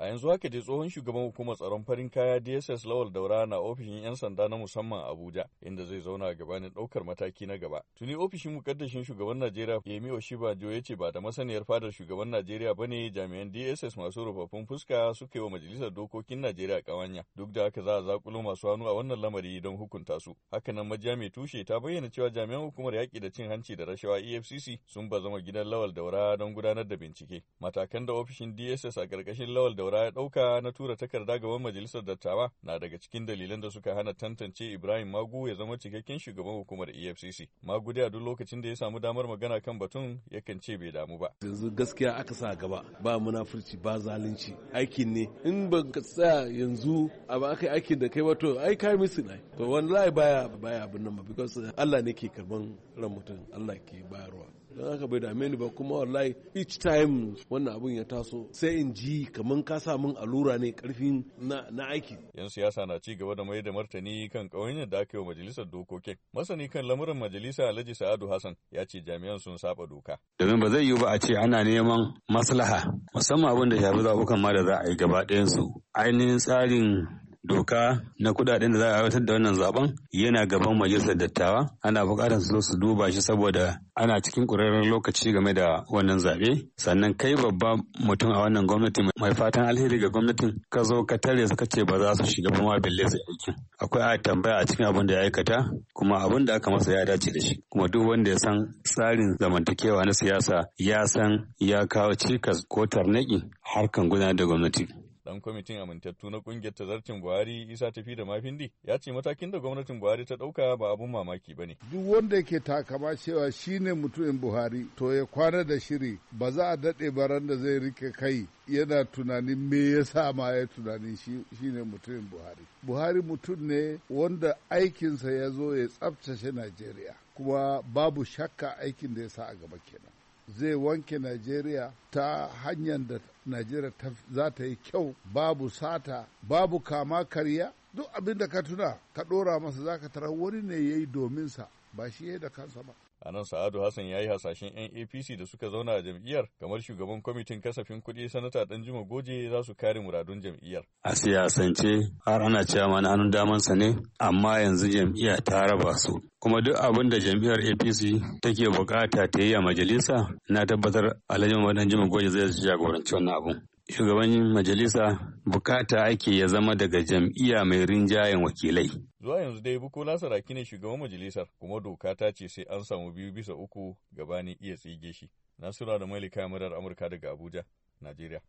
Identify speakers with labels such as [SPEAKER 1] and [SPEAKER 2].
[SPEAKER 1] A yanzu haka dai tsohon shugaban hukumar tsaron farin kaya DSS Lawal Daura na ofishin 'yan sanda na musamman Abuja inda zai zauna a gabanin ɗaukar mataki na gaba. Tuni ofishin mukaddashin shugaban Najeriya Yemi Oshibajo ya ce ba da masaniyar fadar shugaban Najeriya ba ne jami'an DSS masu rufaffun fuska suka yi wa majalisar dokokin Najeriya kawanya. Duk da haka za a zakulo masu hannu a wannan lamari don hukunta su. Hakanan majiya mai tushe ta bayyana cewa jami'an hukumar yaƙi da cin hanci da rashawa EFCC sun ba zama gidan Lawal Daura don gudanar da bincike. Matakan da ofishin DSS a ƙarƙashin Lawal Daura Daura ya ɗauka na tura takarda gaban majalisar dattawa na daga cikin dalilan da suka hana tantance Ibrahim Magu ya zama cikakken shugaban hukumar EFCC. Magu da duk lokacin da ya samu damar magana kan
[SPEAKER 2] batun yakan ce bai damu ba. Yanzu gaskiya aka sa gaba ba munafurci ba zalunci aikin ne in ba ka tsaya yanzu a ba aka aikin da kai wato ai kai misi ne to wallahi baya baya abin nan ba because Allah ne ke karban ran mutum Allah ke bayarwa. don haka bai dame ni ba kuma wallahi each time wannan abun ya taso sai in ji kamar ka sa min allura ne karfin
[SPEAKER 1] na, na aiki yan siyasa na ci gaba da mai da martani kan ƙawayen da aka wa majalisar dokokin masani kan lamuran majalisa alhaji sa'adu hassan ya ce jami'an sun saba doka
[SPEAKER 3] domin ba zai yiwu ba a ce ana neman maslaha musamman abin da shafi zabukan ma da za a yi gaba ɗayan su ainihin tsarin doka na kudaden da za a aiwatar da wannan zaben yana gaban majalisar dattawa ana bukatar su zo su duba shi saboda ana cikin kurarren lokaci game da wannan zabe sannan kai babban mutum a wannan gwamnati mai fatan alheri ga gwamnatin ka zo ka tare su kace ba za su shiga ba balle bille su aikin akwai a tambaya a cikin abin da ya aikata kuma abin da aka masa ya dace da shi kuma duk wanda ya san tsarin zamantakewa na siyasa ya san ya kawo cikas ko tarnaki harkan gudanar da gwamnati
[SPEAKER 1] dan kwamitin amintattu na kungiyar tazarcin buhari isa tafi da mafindi ya ce matakin da gwamnatin buhari ta dauka ba abun mamaki ba ne
[SPEAKER 4] duk wanda yake takama cewa shine mutumin buhari to ya kwana da shiri ba za a daɗe baran da zai rike kai yana tunanin me yasa ma ya tunanin shi ne mutumin buhari buhari mutum ne wanda aikinsa ya zo ya tsabtace najeriya kuma babu shakka aikin da ya sa a gaba kenan zai wanke najeriya ta hanyar da najeriya za ta yi kyau babu sata babu kama karya duk abin da ka tuna ka ɗora masa za ka tara wani ne ya yi dominsa ba shi ya da kansa ba
[SPEAKER 1] a nan sa'adu hassan ya yi hasashen yan apc da suka zauna a jam'iyyar kamar shugaban kwamitin kasafin kuɗi sanata danjuma goje za su kare muradun jam'iyyar
[SPEAKER 3] a siyasance har ana cewa mana anun damansa ne amma yanzu jam'iyya ta raba su kuma duk abin da jam'iyyar apc take bukata ta yi a majalisa na tabbatar alhaji madan jima goje zai jagoranci wannan wannan abun. Shugaban majalisa bukata ake ya zama daga jam'iyya mai rinjayen wakilai.
[SPEAKER 1] Zuwa yanzu dai Bukola Saraki ne shugaban majalisar kuma doka ta ce sai an samu biyu bisa uku gabanin iya tsige shi. Nasura da Malika Murar Amurka daga Abuja, Najeriya.